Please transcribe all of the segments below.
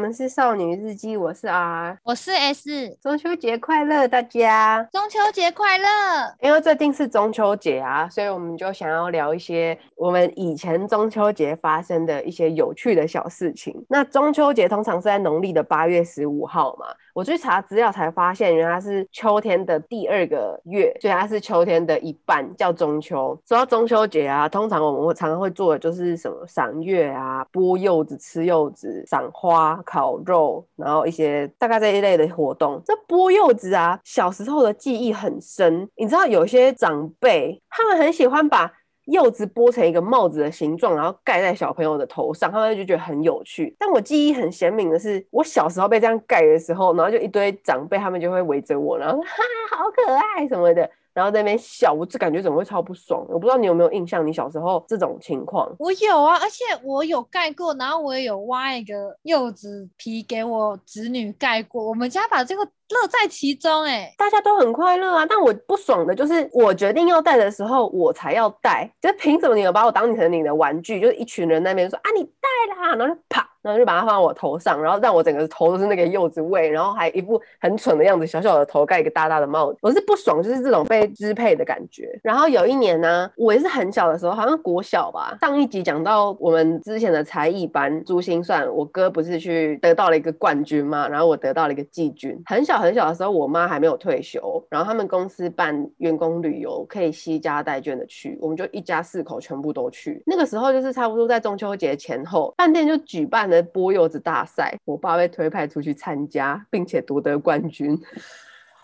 我們是少女日記，我是 R，我是 S。中秋節快樂，大家！中秋節快樂！因為最近是中秋節啊，所以我們就想要聊一些我們以前中秋節發生的一些有趣的小事情。那中秋節通常是在農曆的八月十五號嘛？我去查資料才發現，原來是秋天的第二個月，所以它是秋天的一半，叫中秋。說到中秋節啊，通常我們會常常會做的就是什麼賞月啊，剝柚子吃柚子，賞花。烤肉、然後一些大概這一類的活動。這剝柚子啊，小時候的記憶很深。你知道，有些長輩他們很喜歡把柚子剝成一個帽子的形狀，然後蓋在小朋友的頭上，他們就覺得很有趣。但我記憶很鮮明的是，我小時候被這樣蓋的時候，然後就一堆長輩他們就會圍着我，然後哈哈，好可愛什麼的。然後在那邊笑，我就感覺怎麼會超不爽。我不知道你有沒有印象，你小時候這種情況。我有啊，而且我有蓋過，然後我也有挖一個柚子皮給我侄女蓋過。我們家把這個樂在其中、欸，哎，大家都很快樂啊。但我不爽的就是，我決定要戴的時候我才要戴，就是憑什麼你有把我當成你的玩具？就是一群人在那邊說啊，你戴啦，然後就啪。然後就把它放到我頭上，然後讓我整個頭都是那個柚子味，然後還一副很蠢的樣子，小小的頭蓋一個大大的帽子。我是不爽，就是這種被支配的感覺。然後有一年呢、啊，我也是很小的時候，好像國小吧。上一集講到我們之前的才藝班珠心算，我哥不是去得到了一個冠軍嗎？然後我得到了一個季軍。很小很小的時候，我媽還沒有退休，然後他們公司辦員工旅遊，可以攜家帶眷的去，我們就一家四口全部都去。那個時候就是差不多在中秋節前後，飯店就舉辦。剝柚子大賽，我爸被推派出去參加，並且奪得冠軍。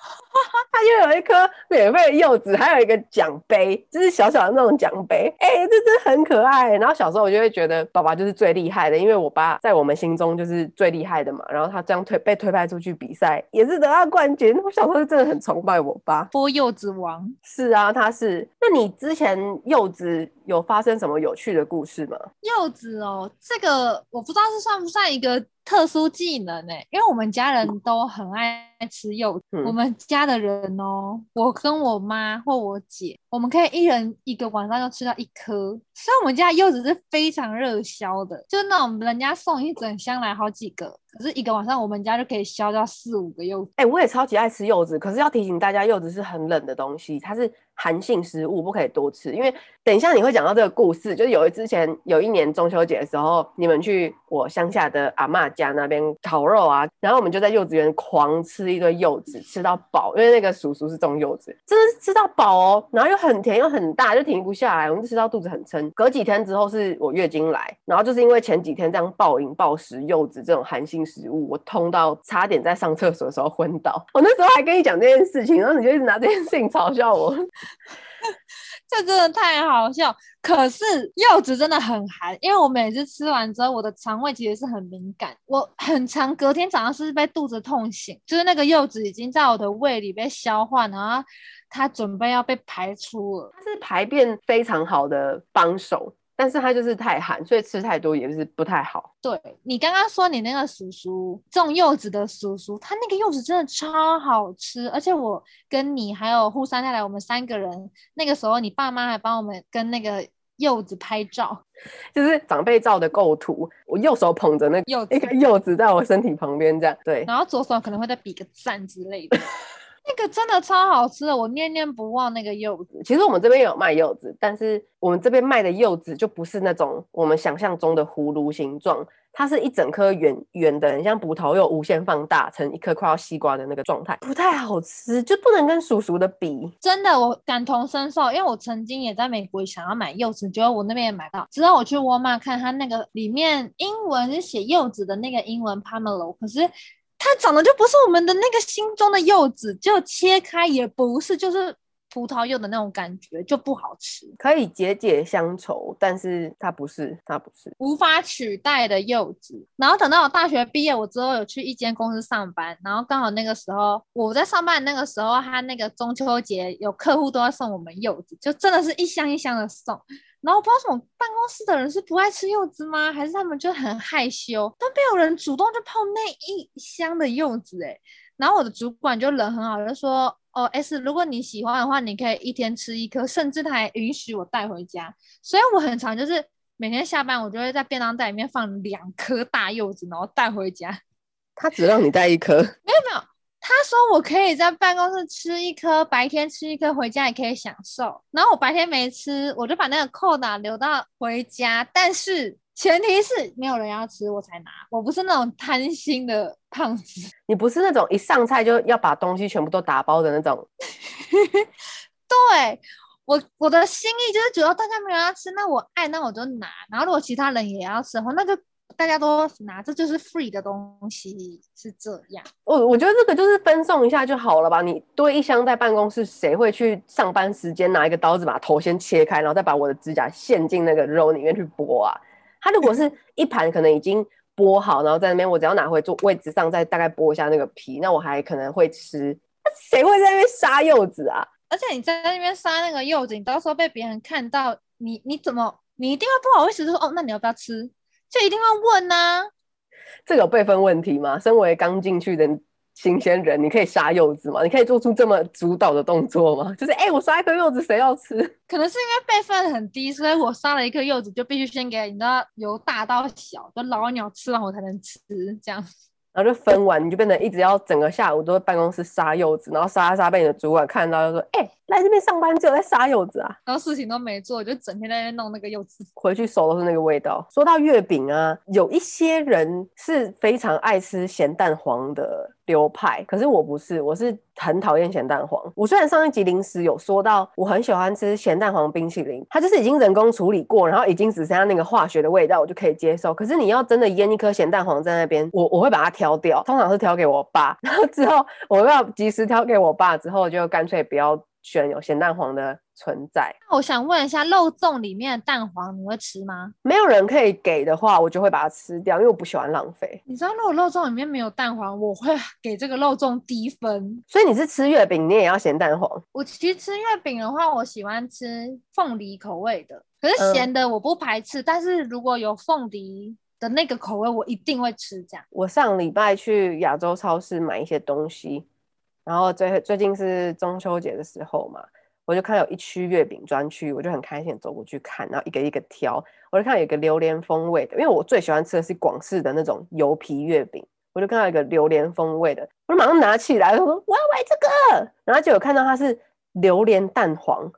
哈哈， 他又有一顆免費的柚子，還有一個獎杯，就是小小的那種獎杯。哎、欸，這真的很可愛。然後小時候我就會覺得，爸爸就是最厲害的，因為我爸在我們心中就是最厲害的嘛。然後他這樣推被推派出去比賽，也是得到冠軍。我小時候真的很崇拜我爸。剝柚子王。是啊，他是。那你之前柚子有發生什麼有趣的故事嗎？柚子哦，這個我不知道是算不算一個。特殊技能誒、欸，因為我們家人都很愛吃柚子，嗯、我們家的人哦、喔，我跟我媽或我姐，我們可以一人一個晚上就吃到一顆，所以我們家柚子是非常熱銷的，就那種人家送一整箱來好幾個，可是一個晚上我們家就可以銷掉四五個柚子。哎、欸，我也超級愛吃柚子，可是要提醒大家，柚子是很冷的東西，它是。寒性食物不可以多吃，因為等一下你會講到這個故事，就是有一之前有一年中秋節的時候，你們去我鄉下的阿媽家那邊烤肉啊，然後我們就在柚子園狂吃一堆柚子，吃到飽，因為那個叔叔是種柚子，真的吃到飽哦，然後又很甜又很大，就停不下來，我們就吃到肚子很撐。隔幾天之後是我月經來，然後就是因為前幾天這樣暴飲暴食柚子這種寒性食物，我痛到差點在上廁所的時候昏倒。我、哦、那時候還跟你講這件事情，然後你就一直拿這件事情嘲笑我。 這真的太好笑，可是柚子真的很寒，因為我每次吃完之後，我的腸胃其實是很敏感，我很常隔天早上是被肚子痛醒，就是那個柚子已經在我的胃裡被消化，然後它準備要被排出了。它是排便非常好的幫手。但是它就是太寒，所以吃太多也是不太好。對，你剛剛說你那個叔叔種柚子的叔叔，他那個柚子真的超好吃，而且我跟你還有互相太太，我們三個人那個時候，你爸媽還幫我們跟那個柚子拍照，就是長輩照的構圖。我右手捧着那個一個柚子在我身體旁邊這樣，對，然後左手可能會再比個讚之類的。 那個真的超好吃的，我念念不忘那個柚子。其實我們這邊有賣柚子，但是我們這邊賣的柚子就不是那種我們想象中的葫蘆形狀，它是一整顆圓圓的，很像葡萄又無限放大成一顆快要西瓜的那個狀態，不太好吃，就不能跟叔叔的比。真的，我感同身受，因為我曾經也在美國想要買柚子，結果我那邊也買到，直到我去沃爾瑪看它那個裡面英文是寫柚子的那個英文 pomelo，可是。它長得就不是我們的那個心中的柚子，就切開也不是，就是，葡萄柚的那種感覺就不好吃，可以解解鄉愁，但是它不是，它不是無法取代的柚子。然後等到我大學畢業，我之後有去一間公司上班，然後剛好那個時候我在上班那個時候，他那個中秋節有客戶都要送我們柚子，就真的是一箱一箱的送。然後我不知道什麼辦公室的人是不愛吃柚子嗎？還是他們就很害羞，都沒有人主動去碰那一箱的柚子哎。然後我的主管就人很好，就說。哦 S、oh，S，如果你喜歡的話，你可以一天吃一顆，甚至他還允許我帶回家，所以我很常就是每天下班，我就會在便當袋裡面放兩顆大柚子，然後帶回家。他只讓你帶一顆？ 沒有沒有，他說我可以在辦公室吃一顆，白天吃一顆，回家也可以享受。然後我白天沒吃，我就把那個扣打留到回家，但是前提是沒有人要吃我才拿，我不是那種貪心的。胖子，你不是那種一上菜就要把東西全部都打包的那種。 對我，我的心意就是，主要大家沒有要吃，那我愛，那我就拿。然後如果其他人也要吃的話，那就大家都拿。這就是 free 的東西是這樣。我我覺得這個就是分送一下就好了吧。你堆一箱在辦公室，誰會去上班時間拿一個刀子把頭先切開，然後再把我的指甲陷進那個肉裡面去剝啊？他如果是一盤，可能已經。 剝好，然後在那邊，我只要拿回座位置上，再大概剝一下那個皮，那我還可能會吃。誰會在那邊殺柚子啊？而且你在那邊殺那個柚子，你到時候被別人看到，你你怎麼，你一定會不好意思就說哦，那你要不要吃？就一定會問吶、啊。這個有輩分問題嗎？身為剛進去的。新鮮人，你可以殺柚子嗎？你可以做出這麼主導的動作嗎？就是，哎、欸，我殺一顆柚子，誰要吃？可能是因為輩分很低，所以我殺了一顆柚子，就必須先給，你知道，由大到小，就老鳥吃了我才能吃，這樣，然後就分完，你就變得一直要整個下午都在辦公室殺柚子，然後殺殺殺，被你的主管看到，就說，哎、欸。來這邊上班就來殺柚子啊，然後事情都沒做，就整天在那邊弄那個柚子，回去手都是那個味道。說到月餅啊，有一些人是非常愛吃鹹蛋黃的流派，可是我不是，我是很討厭鹹蛋黃。我雖然上一集零食有說到我很喜歡吃鹹蛋黃冰淇淋，它就是已經人工處理過，然後已經只剩下那個化學的味道，我就可以接受。可是你要真的醃一顆鹹蛋黃在那邊，我我會把它挑掉，通常是挑給我爸，然後之後我要及時挑給我爸，之後就乾脆不要。選有鹹蛋黃的存在，那我想問一下，肉粽裡面的蛋黃你會吃嗎？沒有人可以給的話，我就會把它吃掉，因為我不喜歡浪費。你知道，如果肉粽裡面沒有蛋黃，我會給這個肉粽低分。所以你是吃月餅，你也要鹹蛋黃。我其實吃月餅的話，我喜歡吃鳳梨口味的，可是鹹的我不排斥。嗯，但是如果有鳳梨的那個口味，我一定會吃。這樣，我上禮拜去亞洲超市買一些東西。然後最最近是中秋節的時候嘛，我就看到有一區月餅專區，我就很開心走過去看，然後一個一個挑。我就看到有一個榴蓮風味的，因為我最喜歡吃的是廣式的那種油皮月餅，我就看到一個榴蓮風味的，我就馬上拿起來，我說我要買這個。然後就有看到它是榴蓮蛋黃，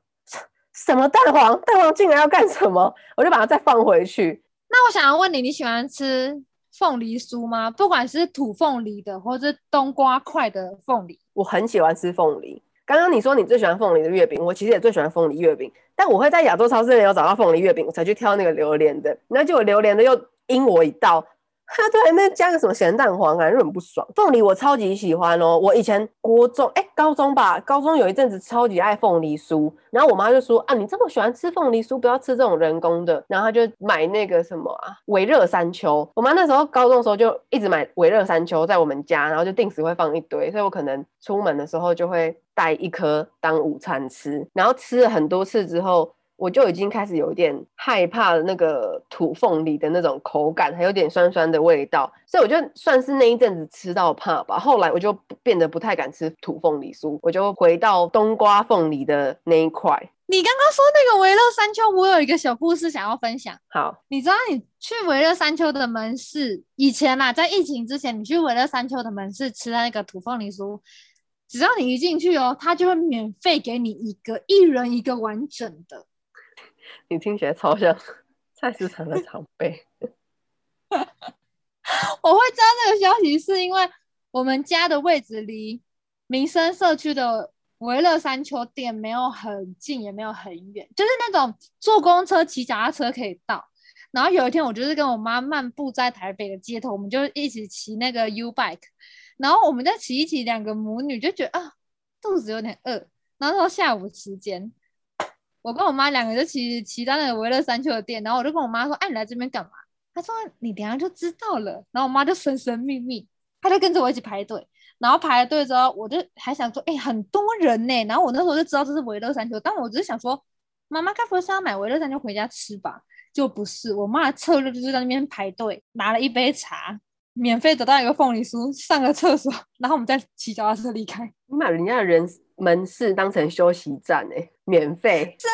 什麼蛋黃？蛋黃竟然要幹什麼？我就把它再放回去。那我想要問你，你喜歡吃鳳梨酥嗎？不管是土鳳梨的，或者是冬瓜塊的鳳梨？我很喜歡吃鳳梨。剛剛你說你最喜歡鳳梨的月餅，我其實也最喜歡鳳梨月餅。但我會在亞洲超市沒有找到鳳梨月餅，我才去挑那個榴蓮的。那結果榴蓮的又陰我一道。啊， 對，裡面加個什麼鹹蛋黃啊，感覺很不爽。鳳梨我超級喜歡哦，我以前國中，誒、欸、高中吧，高中有一陣子超級愛鳳梨酥，然後我媽就說啊，你這麼喜歡吃鳳梨酥，不要吃這種人工的，然後她就買那個什麼啊，微熱山丘。我媽那時候高中的時候就一直買微熱山丘，在我們家，然後就定時會放一堆，所以我可能出門的時候就會帶一顆當午餐吃，然後吃了很多次之後。我就已經開始有一點害怕那個土鳳梨的那種口感，還有點酸酸的味道，所以我就算是那一陣子吃到怕吧。後來我就變得不太敢吃土鳳梨酥，我就回到冬瓜鳳梨的那一塊。你剛剛說那個微熱山丘，我有一個小故事想要分享。好，你知道你去微熱山丘的門市以前啊，在疫情之前，你去微熱山丘的門市吃那個土鳳梨酥，只要你一進去哦，他就會免費給你一個一人一個完整的。你聽起來超像菜市場的長輩，我會知道這個消息，是因為我們家的位置離民生社區的維樂山丘店沒有很近，也沒有很遠，就是那種坐公車、騎腳踏車可以到。然後有一天，我就是跟我媽漫步在台北的街頭，我們就一起騎那個 U Bike，然後我們就騎一騎，兩個母女就覺得啊，肚子有點餓，然後到下午時間。我跟我媽兩個人就騎騎到那個微熱山丘的店，然後我就跟我媽說：“哎、啊，你來這邊幹嘛？”她說：“你等下就知道了。”然後我媽就神神秘秘，她就跟着我一起排隊。然後排隊之後，我就還想說：“哎、欸，很多人呢、欸。”然後我那時候就知道這是微熱山丘，但我只是想說，媽媽該不會是要買微熱山丘回家吃吧，就不是。我媽的策略就是在那邊排隊，拿了一杯茶，免費得到一個鳳梨酥，上個廁所，然後我們再騎腳踏車離開。你把人家的人。門市當成休息站誒、欸，免費，真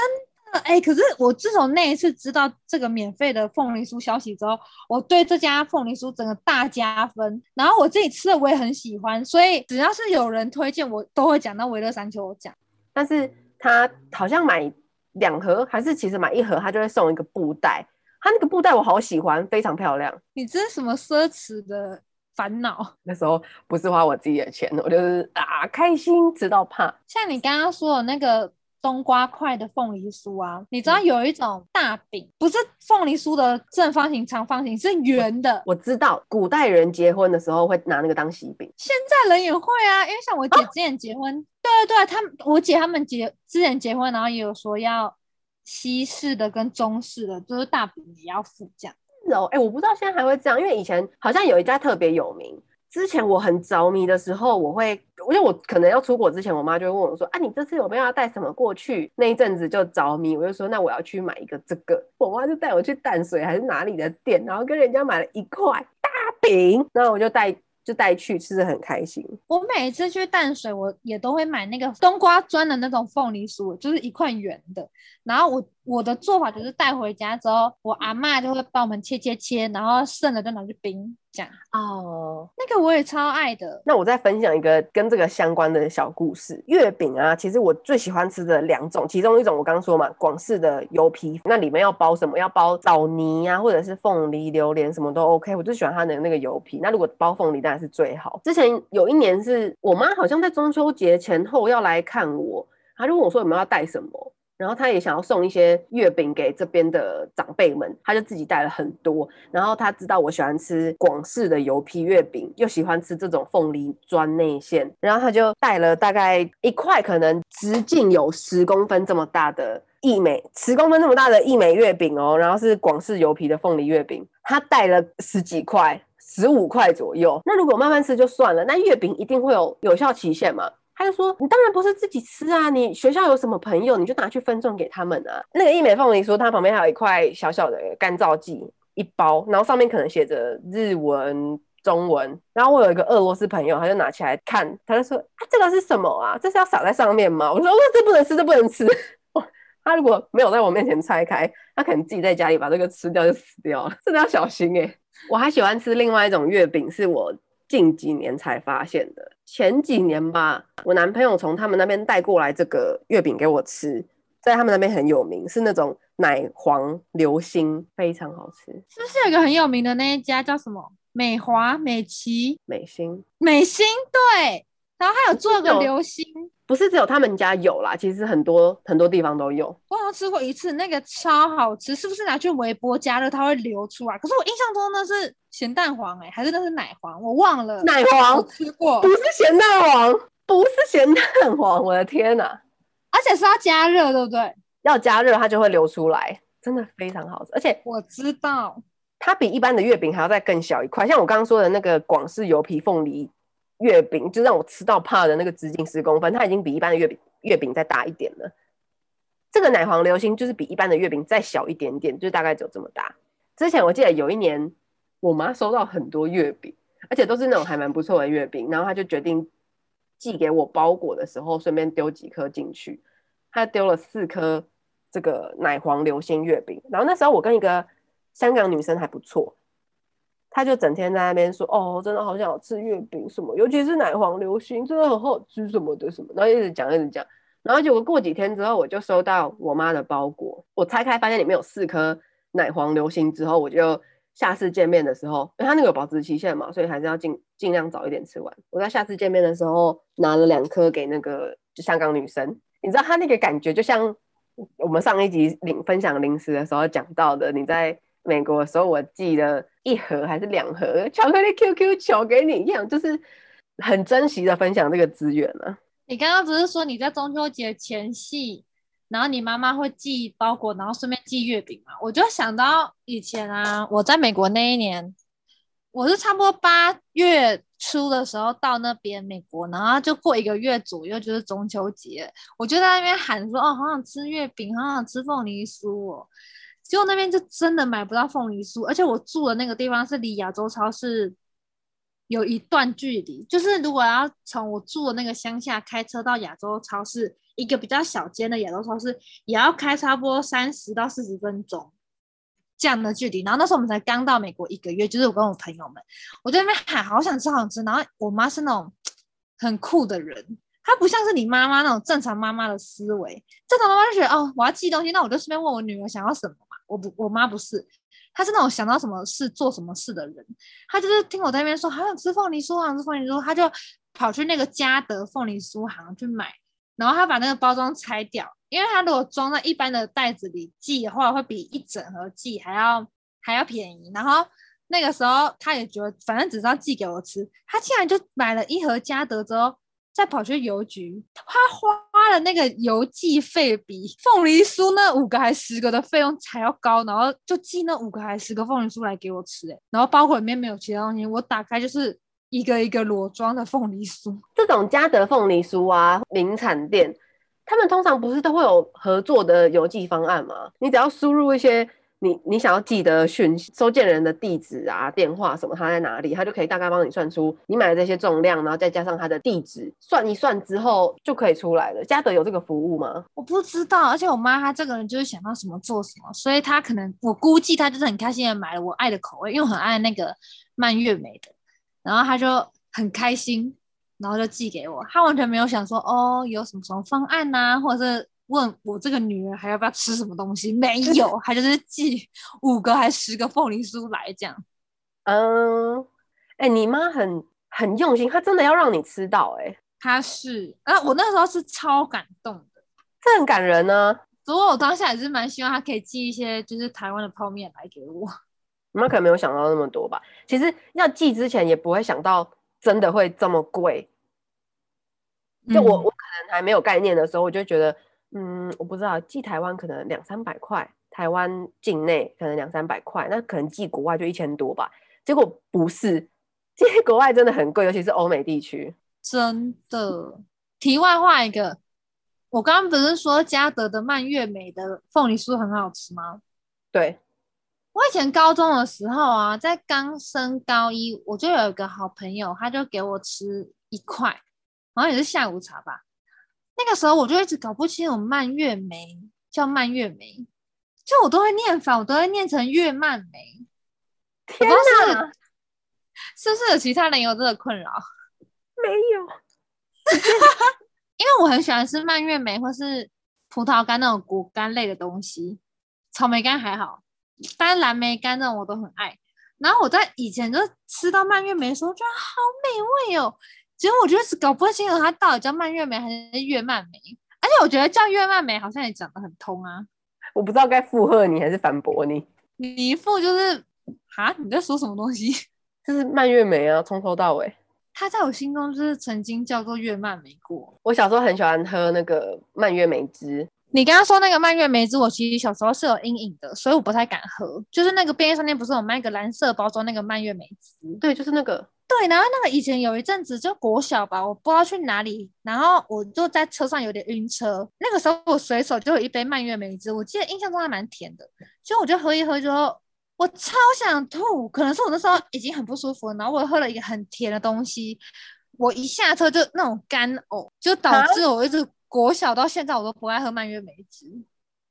的誒、欸。可是我自從那一次知道這個免費的鳳梨酥消息之後，我對這家鳳梨酥整個大加分。然後我自己吃的我也很喜歡，所以只要是有人推薦，我都會講到維樂山球我講。但是他好像買兩盒，還是其實買一盒他就會送一個布袋。他那個布袋我好喜歡，非常漂亮。你這是什麼奢侈的？煩惱那時候不是花我自己的錢，我就是啊開心吃到怕。像你剛剛說的那個冬瓜塊的鳳梨酥啊，你知道有一種大餅，嗯、不是鳳梨酥的正方形、長方形，是圓的我。我知道，古代人結婚的時候會拿那個當喜餅，現在人也會啊，因為像我姐之前結婚，啊、對對對、啊，她，們我姐她們結之前結婚，然後也有說要西式的跟中式的，就是大餅也要付價。哦，哎，我不知道現在還會這樣，因為以前好像有一家特別有名。之前我很着迷的時候，我會，因為我就可能要出國之前，我媽就會問我說：“啊，你這次有沒有要帶什麼過去？”那一陣子就着迷，我就說：“那我要去買一個這個。”我媽就帶我去淡水還是哪裡的店，然後跟人家買了一塊大餅，然後我就帶就帶去吃得很開心。我每次去淡水，我也都會買那個冬瓜磚的那種鳳梨酥，就是一塊圓的，然後我。我的做法就是帶回家之後，我阿嬤就會幫我們切切切，然後剩的就拿去冰。這樣哦，oh, 那個我也超愛的。那我再分享一個跟這個相關的小故事。月餅啊，其實我最喜歡吃的兩種，其中一種我剛剛說嘛，廣式的油皮，那裡面要包什麼？要包棗泥啊，或者是鳳梨、榴、榴蓮什麼都 OK。我最喜歡它的那個油皮，那如果包鳳梨當然是最好。之前有一年是我媽好像在中秋節前後要來看我，她就問我說有沒有要帶什麼。然後他也想要送一些月餅給這邊的長輩們，他就自己帶了很多。然後他知道我喜歡吃廣式的油皮月餅，又喜歡吃這種鳳梨磚內餡，然後他就帶了大概一塊，可能直徑有十公分這麼大的一枚，十公分這麼大的一枚月餅哦，然後是廣式油皮的鳳梨月餅，他帶了十幾塊，十五塊左右。那如果慢慢吃就算了，那月餅一定會有有效期限嘛。他就說：“你當然不是自己吃啊，你學校有什麼朋友，你就拿去分送給他們啊。”那個易美鳳梨說：“他旁邊還有一塊小小的乾燥劑，一包，然後上面可能寫着日文、中文。”然後我有一個俄羅斯朋友，他就拿起來看，他就說：“啊，這個是什麼啊？這是要撒在上面嗎？”我說：“那、哦、這不能吃，這不能吃。 ”他如果沒有在我面前拆開，他可能自己在家裡把這個吃掉就死掉了，真的要小心哎、欸。我還喜歡吃另外一種月餅，是我近幾年才發現的。前幾年吧，我男朋友從他們那邊帶過來這個月餅給我吃，在他們那邊很有名，是那種奶黃流心，非常好吃。是不是有一個很有名的那一家叫什麼美華、美琪、美心？美心，對。然後還有做個流心。嗯不是只有他們家有啦，其實很多很多地方都有。我好像吃過一次，那個超好吃，是不是拿去微波加熱它會流出來？可是我印象中那是鹹蛋黃哎、欸，還是那是奶黃，我忘了。奶黃我吃過，不是鹹蛋黃，不是鹹蛋黃， 我的天哪、啊！而且是要加熱，對不對？要加熱它就會流出來，真的非常好吃。而且我知道，它比一般的月餅還要再更小一塊，像我剛剛說的那個廣式油皮鳳梨。月餅就讓我吃到怕的那個直徑十公分，它已經比一般的月餅月餅再大一點了。這個奶黃流心就是比一般的月餅再小一點點，就大概只有這麼大。之前我記得有一年，我媽收到很多月餅，而且都是那種還蠻不錯的月餅，然後她就決定寄給我包裹的時候順便丟幾顆進去。她丟了四顆這個奶黃流心月餅，然後那時候我跟一個香港女生還不錯。他就整天在那邊說：“哦，真的好想吃月餅什麼，尤其是奶黃流心，真的很好吃什麼的什麼。”然後一直講，一直講。然後結果過幾天之後，我就收到我媽的包裹，我拆開發現裡面有四顆奶黃流心。之後我就下次見面的時候，因為它那個有保質期限嘛，所以還是要儘儘量早一點吃完。我在下次見面的時候拿了兩顆給那個就香港女生，你知道她那個感覺就像我們上一集領分享零食的時候講到的，你在。美國的時候，我寄了一盒還是兩盒巧克力 QQ 球給你一樣，就是很珍惜的分享這個資源了、啊、你剛剛不是說你在中秋節前夕，然後你媽媽會寄包裹，然後順便寄月餅嘛？我就想到以前啊，我在美國那一年，我是差不多八月初的時候到那邊美國，然後就過一個月左右就是中秋節，我就在那邊喊說：“哦，好想吃月餅，好想吃鳳梨酥哦。”結果那邊就真的買不到鳳梨酥，而且我住的那個地方是離亞洲超市有一段距離，就是如果要從我住的那個鄉下開車到亞洲超市，一個比較小間的亞洲超市，也要開差不多三十到四十分鐘這樣的距離。然後那時候我們才剛到美國一個月，就是我跟我朋友們，我在那邊喊好，好想吃，好想吃。然後我媽是那種很酷的人，她不像是你媽媽那種正常媽媽的思維，正常媽媽就覺得哦，我要寄東西，那我就順便問我女兒想要什麼。我不，我媽不是，她是那種想到什麼事做什麼事的人。她就是聽我在那邊說，好想吃鳳梨酥，好想吃鳳梨酥，她就跑去那個佳德鳳梨酥行去買，然後她把那個包裝拆掉，因為她如果裝在一般的袋子裡寄的話，會比一整盒寄還要還要便宜。然後那個時候她也覺得，反正只知道寄給我吃，她竟然就買了一盒佳德之後，再跑去郵局，她花。花了那個郵寄費比鳳梨酥那五個還十個的費用還要高，然後就寄那五個還十個鳳梨酥來給我吃、欸，然後包裹裡面沒有其他東西，我打開就是一個一個裸裝的鳳梨酥。這種佳德的鳳梨酥啊，名產店，他們通常不是都會有合作的郵寄方案嗎？你只要輸入一些。你你想要記得訊收件人的地址啊、電話什麼？他在哪裡？他就可以大概幫你算出你買的這些重量，然後再加上他的地址，算一算之後就可以出來了。佳德有這個服務嗎？我不知道。而且我媽她這個人就是想到什麼做什麼，所以她可能我估計她就是很開心的買了我愛的口味，因為我很愛那個蔓越莓的，然後她就很開心，然後就寄給我。她完全沒有想說哦有什麼什麼方案吶、啊，或者是。問我這個女人還要不要吃什麼東西？沒有，她就是寄五個還是十個鳳梨酥來講。嗯，哎、欸，你媽很很用心，她真的要讓你吃到哎、欸。她是，啊，我那時候是超感動的，這很感人呢、啊。不過我當下也是蠻希望她可以寄一些就是台灣的泡麵來給我。你媽可能沒有想到那麼多吧？其實要寄之前也不會想到真的會這麼貴。就我、嗯、我可能還沒有概念的時候，我就覺得。嗯，我不知道寄台灣可能兩三百塊，台灣境內可能兩三百塊，那可能寄國外就一千多吧。結果不是，寄國外真的很貴，尤其是歐美地區。真的。題外話一個，我剛剛不是說嘉德的蔓越莓的鳳梨酥很好吃嗎？對，我以前高中的時候啊，在剛升高一，我就有一個好朋友，他就給我吃一塊，好像也是下午茶吧。那個時候我就一直搞不清，有蔓越莓叫蔓越莓，就我都會念反，我都會念成越蔓莓。天哪是！是不是有其他人有這個困擾？沒有， 因為我很喜歡吃蔓越莓或是葡萄乾那種果乾類的東西，草莓乾還好，但藍莓乾那種我都很愛。然後我在以前就吃到蔓越莓的時候，我覺得好美味哦。其實我覺得搞不清楚它到底叫蔓越莓還是越蔓莓，而且我覺得叫越蔓莓好像也講得很通啊。我不知道該附和你還是反駁你。你一附就是哈，你在說什麼東西？就是蔓越莓啊，從頭到尾。它在我心中就是曾經叫做越蔓莓過。我小時候很喜歡喝那個蔓越莓汁。你剛剛說那個蔓越莓汁，我其實小時候是有陰影的，所以我不太敢喝。就是那個便利商店不是有賣一個藍色包裝那個蔓越莓汁？對，就是那個。對，然後那個以前有一陣子就國小吧，我不知道去哪裡，然後我就在車上有點暈車。那個時候我隨手就有一杯蔓越莓汁，我記得印象中還蠻甜的。所以我就喝一喝之後，我超想吐。可能是我那時候已經很不舒服，然後我喝了一個很甜的東西，我一下車就那種乾嘔，就導致我一直國小到現在我都不愛喝蔓越莓汁。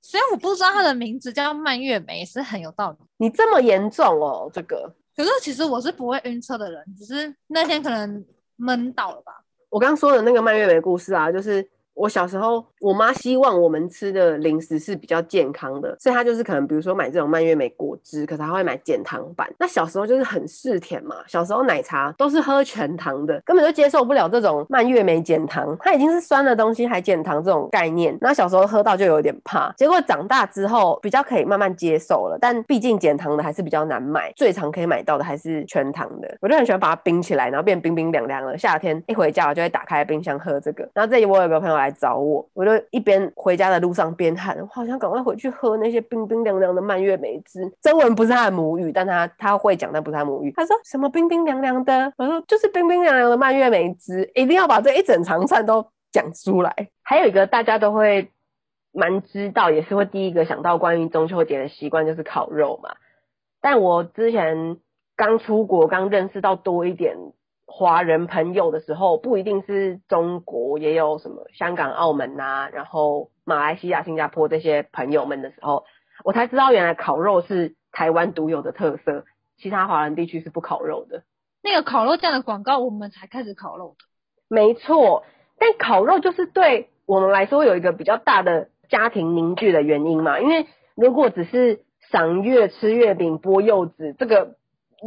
所以我不知道它的名字叫蔓越莓，是很有道理。你這麼嚴重哦，這個。可是其實我是不會暈車的人，只是那天可能悶到了吧。我剛說的那個蔓越莓故事啊，就是。我小時候，我媽希望我們吃的零食是比較健康的，所以她就是可能比如說買這種蔓越莓果汁，可是她會買減糖版。那小時候就是很嗜甜嘛，小時候奶茶都是喝全糖的，根本就接受不了這種蔓越莓減糖。它已經是酸的東西，還減糖這種概念，那小時候喝到就有點怕。結果長大之後比較可以慢慢接受了，但畢竟減糖的還是比較難買，最常可以買到的還是全糖的。我就很喜歡把它冰起來，然後變冰冰涼涼了。夏天一回家我就會打開冰箱喝這個。然後這一我有個朋友來。來找我，我就一邊回家的路上邊喊，我好想趕快回去喝那些冰冰涼涼的蔓越莓汁。中文不是他的母語，但他他會講，但不是他的母語。他說什麼冰冰涼涼的，我說就是冰冰涼涼的蔓越莓汁，一定要把這一整長串都講出來。還有一個大家都會蠻知道，也是會第一個想到關於中秋節的習慣，就是烤肉嘛。但我之前剛出國，剛認識到多一點。華人朋友的時候，不一定是中國，也有什麼香港、澳門啊，然後馬來西亞、新加坡這些朋友們的時候，我才知道原來烤肉是台灣獨有的特色，其他華人地區是不烤肉的。那個烤肉醬的廣告，我們才開始烤肉。沒錯，但烤肉就是對我們來說有一個比較大的家庭凝聚的原因嘛，因為如果只是賞月、吃月餅、剝柚子，這個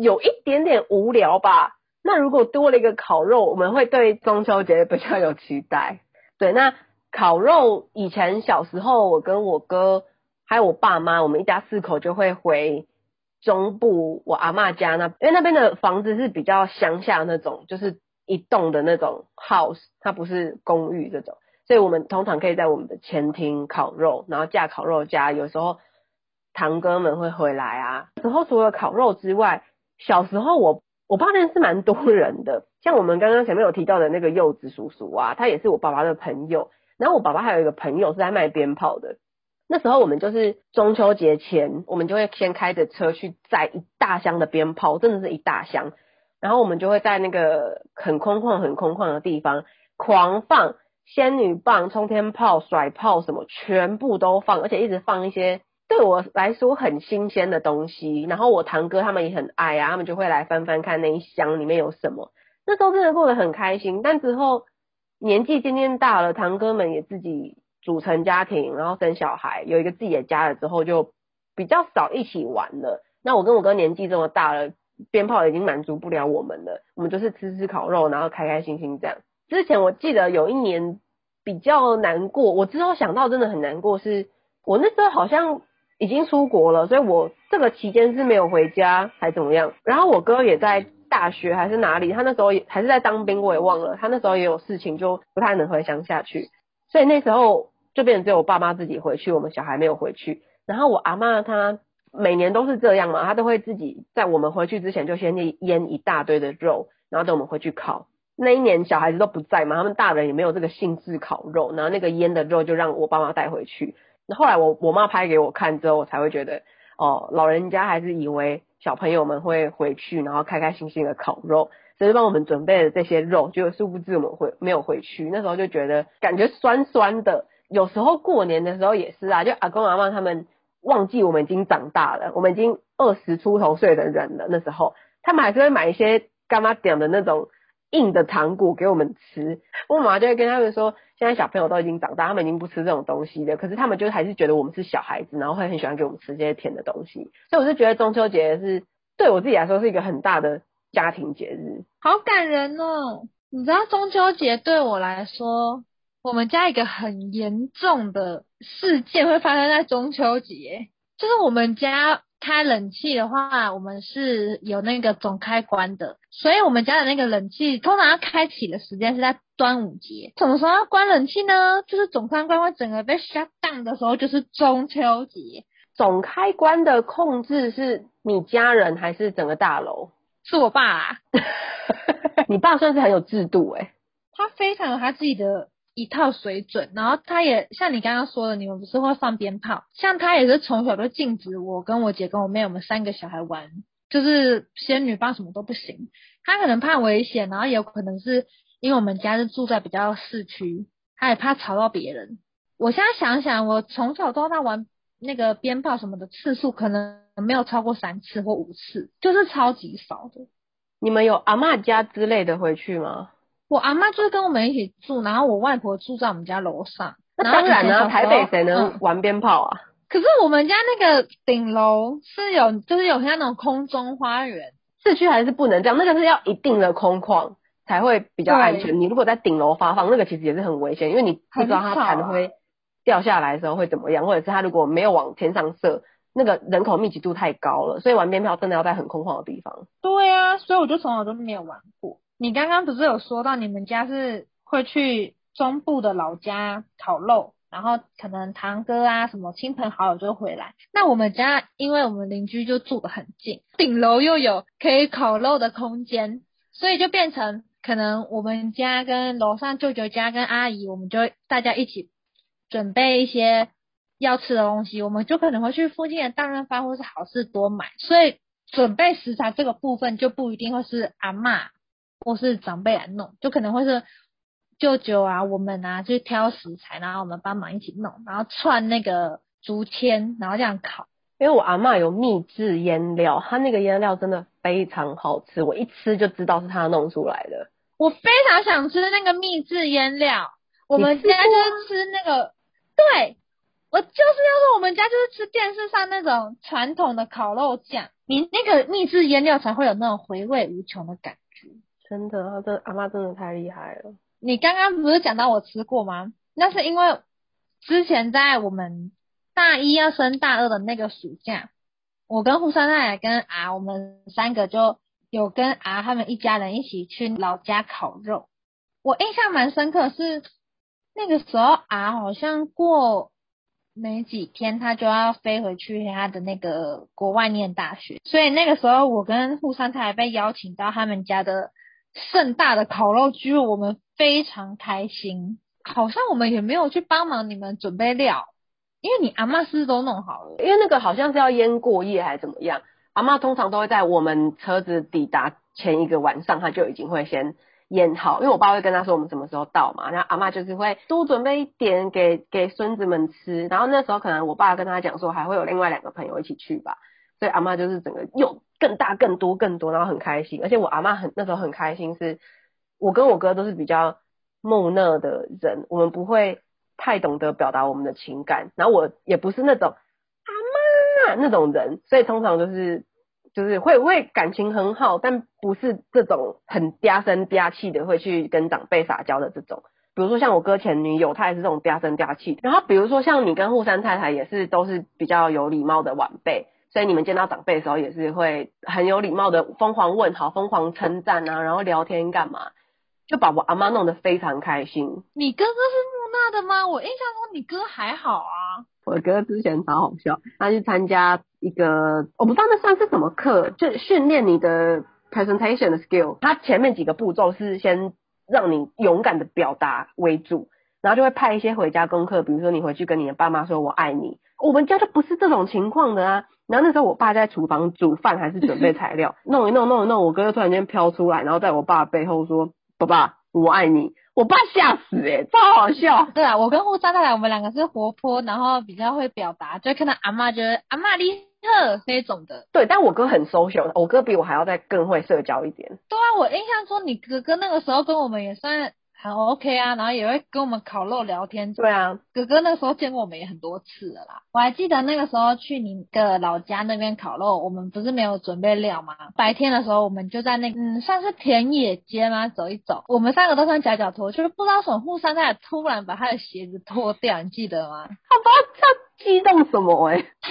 有一點點無聊吧。那如果多了一個烤肉，我們會對中秋節比較有期待。對，那烤肉以前小時候，我跟我哥還有我爸媽，我們一家四口就會回中部我阿媽家阿嬤家那，因為那邊的房子是比較鄉下那種，就是一棟的那種 house，它不是公寓這種，所以我們通常可以在我們的前廳烤肉，然後架烤肉架，有時候堂哥們會回來啊。然後除了烤肉之外，小時候我。我爸認識是蠻多人的，像我們剛剛前面有提到的那個柚子叔叔啊，他也是我爸爸的朋友。然後我爸爸還有一個朋友是在賣鞭炮的。那時候我們就是中秋節前，我們就會先開着車去載一大箱的鞭炮，真的是一大箱。然後我們就會在那個很空曠、很空曠的地方狂放仙女棒、沖天炮、甩炮什麼，全部都放，而且一直放一些。對我來說很新鮮的東西，然後我堂哥他們也很愛啊，他們就會來翻翻看那一箱裡面有什麼。那時候真的過得很開心，但之後年紀漸漸大了，堂哥們也自己組成家庭，然後生小孩，有一個自己的家了之後，就比較少一起玩了。那我跟我哥年紀這麼大了，鞭炮已經滿足不了我們了，我們就是吃吃烤肉，然後開開心心這樣。之前我記得有一年比較難過，我之後想到真的很難過是，是我那時候好像。已經出國了，所以我這個期間是沒有回家，還是怎麼樣？然後我哥也在大學還是哪裡，他那時候也還是在當兵，我也忘了。他那時候也有事情，就不太能回鄉下去。所以那時候就變成只有我爸媽自己回去，我們小孩沒有回去。然後我阿媽她每年都是這樣嘛，她都會自己在我們回去之前就先醃一大堆的肉，然後等我們回去烤。那一年小孩子都不在嘛，他們大人也沒有這個興致烤肉，然後那個醃的肉就讓我爸媽帶回去。那後來我我媽拍給我看之後，我才會覺得哦，老人家還是以為小朋友們會回去，然後開開心心的烤肉，所以幫我們準備了這些肉，結果殊不知我們會沒有回去。那時候就覺得感覺酸酸的。有時候過年的時候也是啊，就阿公阿嬤他們忘記我們已經長大了，我們已經二十出頭歲的人了。那時候他們還是會買一些干嘛點的那種硬的糖果給我們吃。我媽就會跟他們說。現在小朋友都已經長大，他們已經不吃這種東西了，可是他們就還是覺得我們是小孩子，然後會很喜歡給我們吃這些甜的東西。所以我是覺得中秋節是對我自己來說是一個很大的家庭節日。好感人哦！你知道中秋節對我來說，我們家一個很嚴重的事件會發生在中秋節，就是我們家。開冷氣的話，我們是有那個總開關的，所以我們家的那個冷氣通常要開啟的時間是在端午節。什麼時候要關冷氣呢？就是總開關會整個被 shut down 的時候，就是中秋節。總開關的控制是你家人還是整個大樓？是我爸啊。 你爸算是很有制度誒、欸、他非常有他自己的。一套水準，然後他也像你剛剛說的，你們不是會放鞭炮，像他也是從小都禁止我跟我姐跟我妹我們三個小孩玩，就是仙女棒什麼都不行，他可能怕危險，然後也有可能是因為我們家是住在比較市區，他也怕吵到別人。我現在想想，我從小到大玩那個鞭炮什麼的次數，可能沒有超過三次或五次，就是超級少的。你們有阿嬤家之類的回去嗎？我阿嬤就是跟我們一起住，然後我外婆住在我們家樓上。那當然了、啊，台北誰能玩鞭炮啊、嗯？可是我們家那個頂樓是有，就是有像那種空中花園。市區還是不能這樣，那個是要一定的空曠才會比較安全。對你如果在頂樓發放，那個其實也是很危險，因為你不知道它彈灰掉下來的時候會怎麼樣，或者是它如果沒有往天上射，那個人口密集度太高了，所以玩鞭炮真的要在很空曠的地方。對啊，所以我就從來都沒有玩過。你剛剛不是有說到你們家是會去中部的老家烤肉，然後可能堂哥啊什麼親朋好友就回來。那我們家因為我們鄰居就住得很近，頂樓又有可以烤肉的空間，所以就變成可能我們家跟樓上舅舅家跟阿姨，我們就大家一起準備一些要吃的東西，我們就可能會去附近的大潤發或是好事多買，所以準備食材這個部分就不一定會是阿嬤，或是長輩來弄，就可能會是舅舅啊，我們啊，就挑食材，然後我們幫忙一起弄，然後串那個竹籤，然後這樣烤。因為我阿嬤有秘制醃料，她那個醃料真的非常好吃，我一吃就知道是她弄出來的。我非常想吃那個秘制醃料，我們家就是吃那個，對，我就是要說我們家就是吃電視上那種傳統的烤肉醬，你那個秘制醃料才會有那種回味無窮的感覺。真的，他的阿嬤真的太厲害了。你剛剛不是講到我吃過嗎？那是因為之前在我們大一要升大二的那個暑假，我跟護山太太跟啊我們三個就有跟啊他們一家人一起去老家烤肉。我印象蠻深刻的是那個時候啊，好像過沒幾天他就要飛回去他的那個國外念大學，所以那個時候我跟護山太太被邀請到他們家的盛大的烤肉聚會，我們非常開心。好像我們也沒有去幫忙你們準備料，因為你阿媽是不是都弄好了？因為那個好像是要醃過夜還是怎麼樣，阿媽通常都會在我們車子抵達前一個晚上，她就已經會先醃好。因為我爸會跟他說我們什麼時候到嘛，然後阿媽就是會多準備一點給給孫子們吃。然後那時候可能我爸跟他講說還會有另外兩個朋友一起去吧，所以阿媽就是整個用。更大更多更多，然後很開心，而且我阿媽很那時候很開心是，是我跟我哥都是比較木訥的人，我們不會太懂得表達我們的情感，然後我也不是那種阿媽那種人，所以通常就是就是會會感情很好，但不是這種很嗲聲嗲氣的會去跟長輩撒嬌的這種，比如說像我哥前女友，她也是這種嗲聲嗲氣，然後比如說像你跟護山太太也是都是比較有禮貌的晚輩。所以你們見到長輩的時候也是會很有禮貌的，瘋狂問好、瘋狂稱讚啊，然後聊天幹嘛，就把我阿媽弄得非常開心。你哥哥是木訥的嗎？我印象中你哥還好啊。我哥之前超好，好笑，他去參加一個我不知道那算是什麼課，就訓練你的 presentation skill。他前面幾個步驟是先讓你勇敢的表達為主，然後就會派一些回家功課，比如說你回去跟你的爸媽說我愛你。我們家就不是這種情況的啊。然後那時候我爸在廚房煮飯還是準備材料， 弄一弄弄一弄，我哥就突然間飄出來，然後在我爸的背後說：“爸爸，我愛你。”我爸嚇死誒、欸，超好笑。對啊，我跟站莎莎，我們兩個是活潑，然後比較會表達，就看到阿嬤覺得阿嬤厲害那種的。對，但我哥很 social，我哥比我還要再更會社交一點。對啊，我印象中你哥哥那個時候跟我們也算。很 OK 啊，然後也會跟我們烤肉聊天。對啊，哥哥那時候見過我們也很多次了啦。我還記得那個時候去你的老家那邊烤肉，我們不是沒有準備料嗎？白天的時候我們就在那個、嗯，算是田野間嗎？走一走，我們三個都穿夾腳拖，就是不知道什麼路上他突然把他的鞋子脫掉，你記得嗎？他不知道他激動什麼哎、欸，他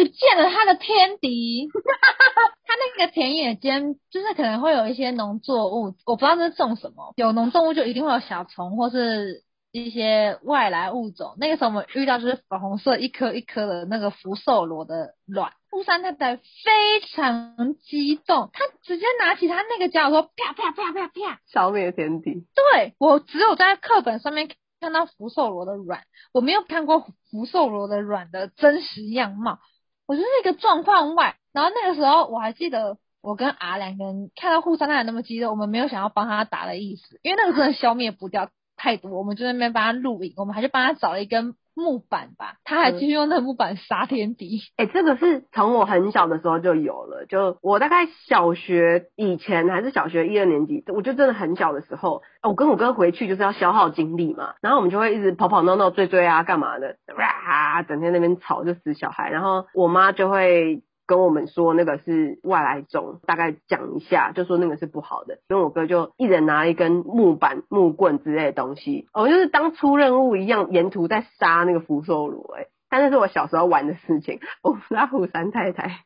遇見了他的天敵。 那個田野間，就是可能會有一些農作物，我不知道那是種什麼。有農作物就一定會有小蟲或是一些外來物種。那個時候我們遇到就是粉紅色一顆一顆的那個福壽螺的卵，烏山太太非常激動，她直接拿起她那個傢伙說：啪啪啪啪啪，啪，消滅田地。對，我只有在課本上面看到福壽螺的卵，我沒有看過福壽螺的卵的真實樣貌。我就是一個狀況外，然後那個時候我還記得，我跟阿蘭跟，看到護山大俠那麼激動，我們沒有想要幫他打的意思，因為那個真的消滅不掉太多，我們就在那邊幫他錄影，我們還是幫他找了一根。木板吧，他還繼續用那個木板殺天敵。哎、嗯欸，這個是從我很小的時候就有了，就我大概小學以前還是小學一二年級，我就真的很小的時候，我、哦、跟我哥回去就是要消耗精力嘛，然後我們就會一直跑跑鬧鬧、追追啊、幹嘛的，哇、呃，整天在那邊吵就死小孩，然後我媽就會。跟我們說那個是外來種，大概講一下，就說那個是不好的。所以我哥就一人拿一根木板，木棍之類的東西，哦，就是當出任務一樣，沿途在殺那個福壽螺。哎，但那是我小時候玩的事情，我、哦、虎山太太。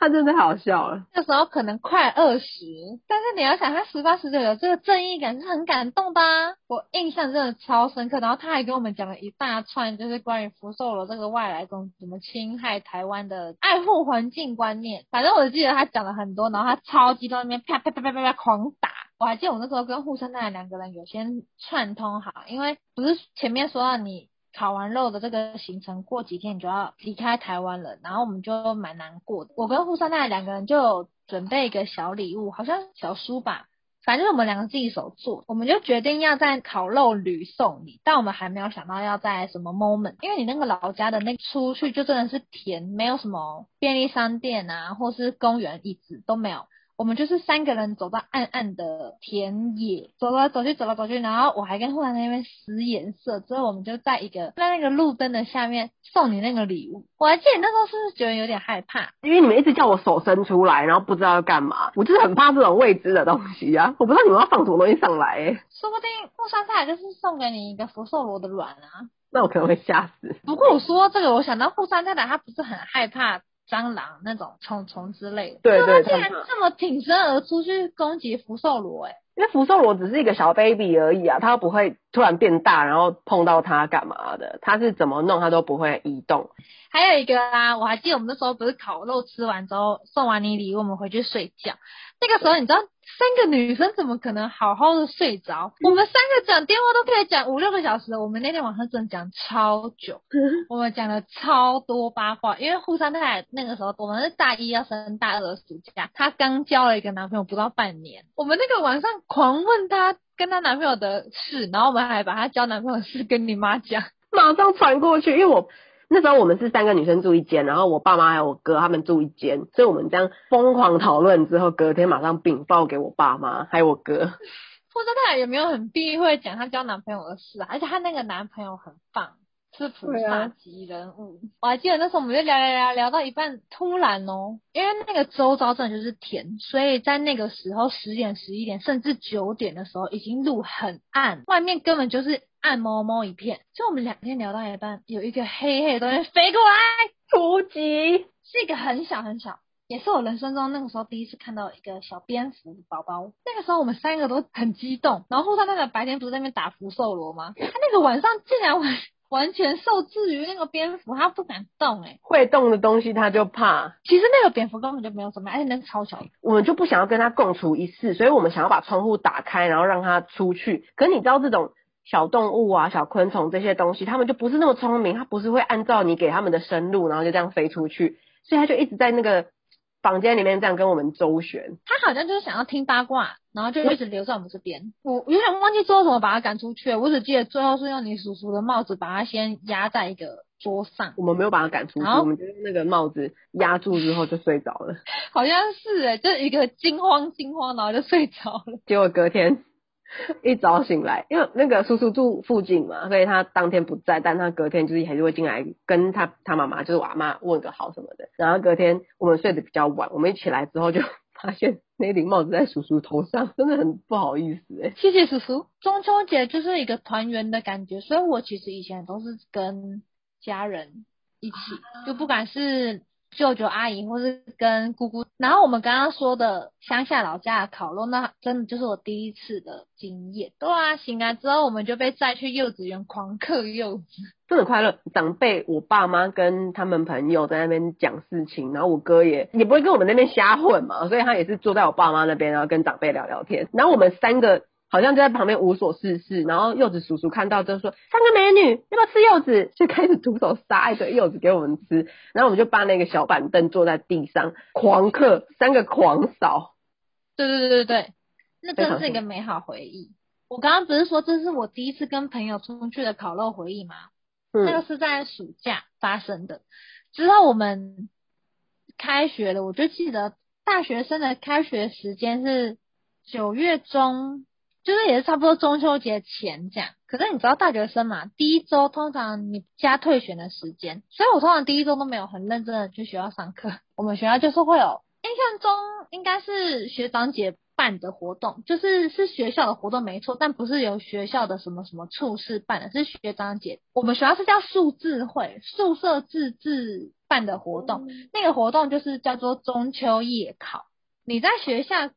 他真的好笑啊。那時候可能快二十，但是你要想他十八十九有這個正義感，就是很感動的啊。我印象真的超深刻，然後他還跟我們講了一大串，就是關於福壽螺這個外來種怎麼侵害台灣的愛護環境觀念。反正我記得他講了很多，然後他超激動在那邊啪啪啪啪啪啪啪，狂打。我還記得我那時候跟護生大人兩個人有先串通好，因為不是前面說到你。烤完肉的這個行程過幾天你就要離開台灣了，然後我們就蠻難過的。我跟胡珊娜兩個人就準備一個小禮物，好像小書吧，反正我們兩個自己手做。我們就決定要在烤肉旅送你，但我們還沒有想到要在什麼 moment，因為你那個老家的那出去就真的是田，沒有什麼便利商店啊，或是公園椅子都沒有。我們就是三個人走到暗暗的田野，走來走去走來走去，然後我還跟護山菜那邊使眼色，之後我們就在一個在那，那個路燈的下面送你那個禮物。我還記得那時候是不是覺得有點害怕？因為你們一直叫我手伸出來，然後不知道要幹嘛，我就是很怕這種未知的東西啊！我不知道你們要放什麼東西上來，欸，說不定護山菜就是送給你一個福壽螺的卵啊！那我可能會嚇死。不過我說這個，我想到護山菜他不是很害怕蟑螂那種蟲蟲之類的，對對對，他竟然這麼挺身而出去攻擊福壽螺，欸，哎，因為福壽螺只是一個小 baby 而已啊，它不會突然變大，然後碰到它幹嘛的？它是怎麼弄，它都不會移動。還有一個啊，我還記得我們那時候不是烤肉吃完之後送完你禮物，我們回去睡覺。那個時候你知道三個女生怎麼可能好好的睡着？我們三個講電話都可以講五六個小時。我們那天晚上真的講超久，我們講了超多八卦。因為胡珊她那個時候我們是大一要升大二的暑假，她剛交了一個男朋友不到半年，我們那個晚上狂問她跟她男朋友的事，然後我們還把她交男朋友的事跟你媽講，馬上傳過去，因為我。那時候我們是三個女生住一間，然後我爸媽還有我哥他們住一間，所以我們這樣瘋狂討論之後，隔天馬上稟報給我爸媽還有我哥。不知道他有沒有很避諱講他交男朋友的事，啊？而且他那個男朋友很棒，是菩薩級人物。啊、我還記得那時候我們就聊聊聊，聊到一半，突然哦，因為那個周遭真的就是田，所以在那個時候十點、十一點，甚至九點的時候，已經路很暗，外面根本就是。按貓貓一片，就我們兩天聊到一半，有一個黑黑的東西飛過來，突擊。是一個很小很小，也是我人生中那個時候第一次看到一個小蝙蝠寶寶。那個時候我們三個都很激動，然後他那個白天不是在那邊打福壽螺嗎？他那個晚上竟然完完全受制於那個蝙蝠，他不敢動哎、欸，會動的東西他就怕。其實那個蝙蝠根本就沒有什麼樣，而且那個超小個，我們就不想要跟他共處一室，所以我們想要把窗戶打開，然後讓他出去。可是你知道這種。小動物啊，小昆蟲這些東西，它們就不是那麼聰明，它不是會按照你給它們的生路，然後就這樣飛出去，所以它就一直在那個房間裡面這樣跟我們周旋。它好像就是想要聽八卦，然後就一直留在我們這邊什麼。我我有點忘記說什麼把它趕出去，我只記得最後是用你叔叔的帽子把它先壓在一個桌上。我們沒有把它趕出去，然後我們就是那個帽子壓住之後就睡着了。好像是欸，就是一個驚慌驚慌，然後就睡着了。結果隔天。 一早醒來，因為那個叔叔住附近嘛，所以他當天不在，但他隔天就是還是會進來跟他他媽媽，就是我阿媽問個好什麼的。然後隔天我們睡得比較晚，我們一起來之後就發現那頂帽子在叔叔頭上，真的很不好意思誒、欸。謝謝叔叔，中秋節就是一個團圓的感覺，所以我其實以前都是跟家人一起，就不管是。舅舅阿姨，或是跟姑姑，然後我們剛剛說的鄉下老家的烤肉，那真的就是我第一次的經驗。對啊，行啊，之後我們就被載去柚子園狂嗑柚子，真的很快樂。長輩，我爸媽跟他們朋友在那邊講事情，然後我哥也也不會跟我們那邊瞎混嘛，所以他也是坐在我爸媽那邊，然後跟長輩聊聊天。然後我們三個。好像就在旁邊無所事事，然後柚子叔叔看到就說：“三個美女要不要吃柚子？”就開始徒手殺一個柚子給我們吃，然後我們就搬那個小板凳坐在地上狂嗑，三個狂掃。對、 嗯、對對對對，那真是一個美好回憶。我剛剛不是說這是我第一次跟朋友出去的烤肉回憶嗎？嗯、那個是在暑假發生的。之後我們開學了，我就記得大學生的開學時間是九月中。就是也是差不多中秋節前這樣，可是你知道大學生嘛，第一周通常你加退選的時間，所以我通常第一周都沒有很認真的去學校上課。我們學校就是會有，印象中應該是學長姐辦的活動，就是是學校的活動沒錯，但不是由學校的什麼什麼處室辦的，是學長姐。我們學校是叫宿自會，宿舍自治辦的活動。嗯、那個活動就是叫做中秋夜考。你在學校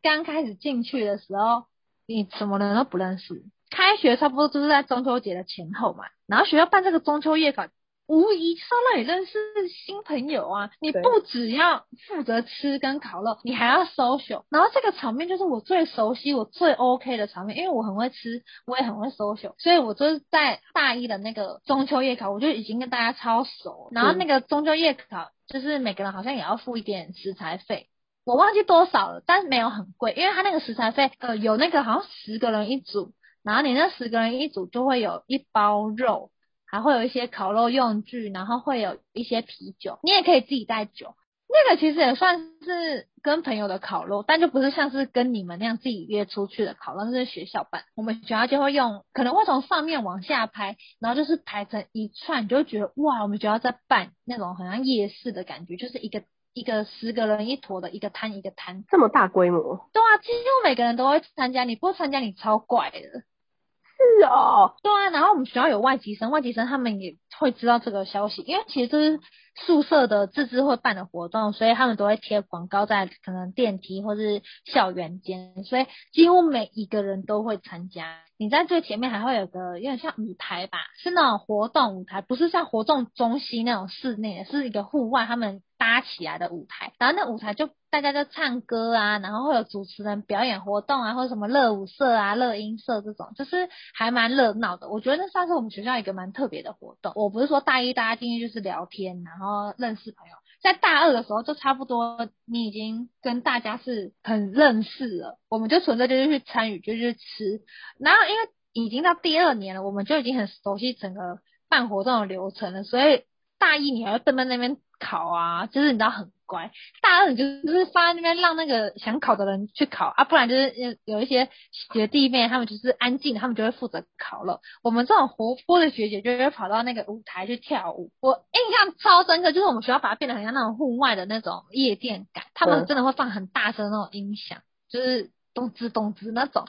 剛開始進去的時候。你什麼人都不認識，開學差不多就是在中秋節的前後嘛，然後學校辦這個中秋夜烤，無疑上來你認識新朋友啊。你不只要負責吃跟烤肉，你還要 social。然後這個場面就是我最熟悉、我最 OK 的場面，因為我很會吃，我也很會 social，所以我就是在大一的那個中秋夜烤，我就已經跟大家超熟。然後那個中秋夜烤，就是每個人好像也要付一點食材費。我忘記多少了，但是沒有很貴，因為他那個食材費，呃，有那個好像十個人一組，然後你那十個人一組就會有一包肉，還會有一些烤肉用具，然後會有一些啤酒，你也可以自己帶酒。那個其實也算是跟朋友的烤肉，但就不是像是跟你們那樣自己約出去的烤肉，那是學校辦。我們學校就會用，可能會從上面往下拍，然後就是排成一串，你就會覺得哇，我們學校在辦那種很像夜市的感覺，就是一個。一個十個人一坨的一個攤一個攤，這麼大規模？對啊，幾乎每個人都會參加你。你不參加你超怪的。是啊、哦，對啊。然後我們學校有外籍生，外籍生他們也會知道這個消息，因為其實是宿舍的自治會辦的活動，所以他們都會貼廣告在可能電梯或是校園間，所以幾乎每一個人都會參加。你在最前面還會有個有點像舞台吧，是那種活動舞台，不是像活動中心那種室內，是一個戶外他們。搭起來的舞台，然後那舞台就大家就唱歌啊，然後會有主持人表演活動啊，或者什麼熱舞社啊、熱音社這種，就是還蠻熱鬧的。我覺得那算是我們學校一個蠻特別的活動。我不是說大一大家進去就是聊天，然後認識朋友，在大二的時候就差不多你已經跟大家是很認識了。我們就純粹就是去參與，就是去吃。然後因為已經到第二年了，我們就已經很熟悉整個辦活動的流程了，所以大一你還要蹲在那邊。烤啊，就是你知道很乖。大家很就是放在那邊讓那個想烤的人去烤啊，不然就是有一些學弟妹他們就是安靜，他們就會負責烤了。我們這種活潑的學姐就會跑到那個舞台去跳舞。我印象、欸、超深刻，就是我們學校把它變得很像那種戶外的那種夜店感，他們真的會放很大聲的那種音響，就是。咚吱咚吱那種，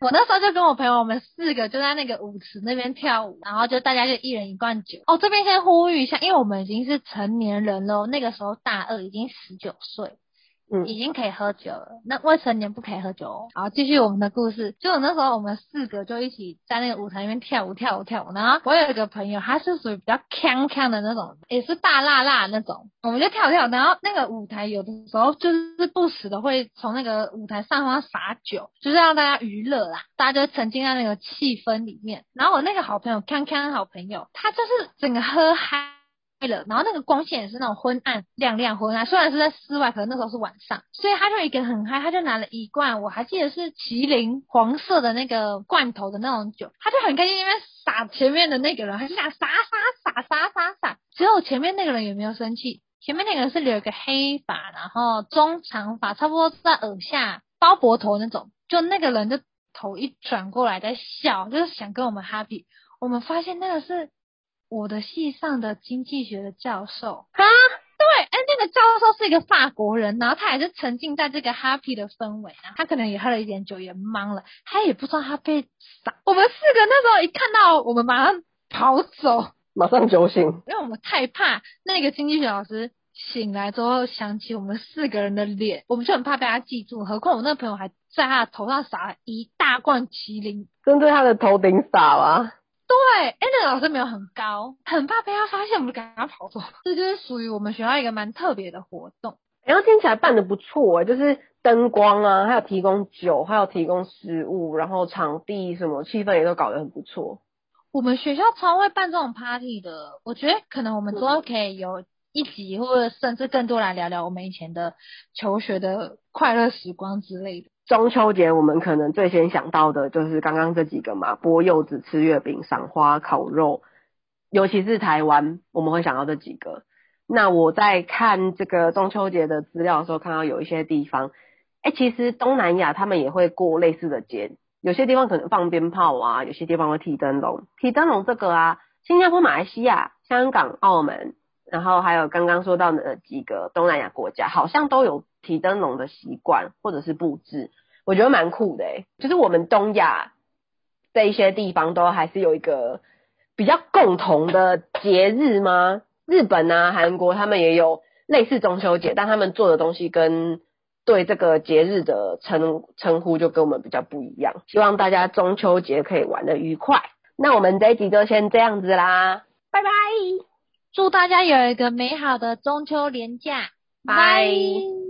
我那時候就跟我朋友，我們四個就在那個舞池那邊跳舞，然後就大家就一人一罐酒。哦，這邊先呼籲一下，因為我們已經是成年人嘍，那個時候大二已經十九歲。嗯，已經可以喝酒了。那未成年不可以喝酒哦。好，繼續我們的故事。就我那時候，我們四個就一起在那個舞台裡面跳舞，跳舞，跳舞。然後我有一個朋友，他是屬於比較康康的那種，也是大辣辣的那種。我們就跳跳。然後那個舞台有的時候就是不時的會從那個舞台上方撒酒，就是讓大家娛樂啦。大家就沉浸在那個氣氛裡面。然後我那個好朋友，康康的好朋友，他就是整個喝嗨了，然後那個光線也是那種昏暗、亮亮昏暗，雖然是在室外，可能那時候是晚上，所以他就一個很嗨，他就拿了一罐，我還記得是麒麟黃色的那個罐頭的那種酒，他就很開心，因為撒前面的那個人，還是想撒，撒撒撒撒撒撒。只有前面那個人有沒有生氣？前面那個人是留一個黑髮，然後中長髮，差不多在耳下包脖頭那種，就那個人就頭一轉過來在笑，就是想跟我們 happy。我們發現那個是。我的系上的經濟學的教授啊，對，誒、欸、那個教授是一個法國人，然後他也是沉浸在這個 happy 的氛圍，他可能也喝了一點酒，也茫了，他也不知道他被撒，我們四個那時候一看到，我們馬上跑走，馬上酒醒，因為我們太怕那個經濟學老師醒來之後想起我們四個人的臉，我們就很怕被他記住。何況我那個朋友還在他的頭上撒了一大罐麒麟，針對他的頭頂撒啊。對，哎，那個老師沒有很高，很怕被他發現，我們就趕快跑走。這就是屬於我們學校一個蠻特別的活動。欸、然後聽起來辦的不錯，就是燈光啊，對還有提供酒，還有提供食物，然後場地什麼氣氛也都搞得很不錯。我們學校超會辦這種 party 的，我覺得可能我們之後可以有一集，或者甚至更多來聊聊我們以前的求學的快樂時光之類的。中秋節我們可能最先想到的就是剛剛這幾個嘛，剝柚子、吃月餅、賞花、烤肉，尤其是台灣，我們會想到這幾個。那我在看這個中秋節的資料的時候，看到有一些地方，誒，其實東南亞他們也會過類似的節，有些地方可能放鞭炮啊，有些地方會提燈籠，提燈籠這個啊，新加坡、馬來西亞、香港、澳門。然後還有剛剛說到的幾個東南亞國家，好像都有提燈籠的習慣或者是布置，我覺得蠻酷的哎。就是我們東亞這一些地方都還是有一個比較共同的節日嗎？日本啊、韓國他們也有類似中秋節，但他們做的東西跟對這個節日的稱稱呼就跟我們比較不一樣。希望大家中秋節可以玩得愉快。那我們這一集就先這樣子啦，拜拜。祝大家有一個美好的中秋連假，拜 Bye。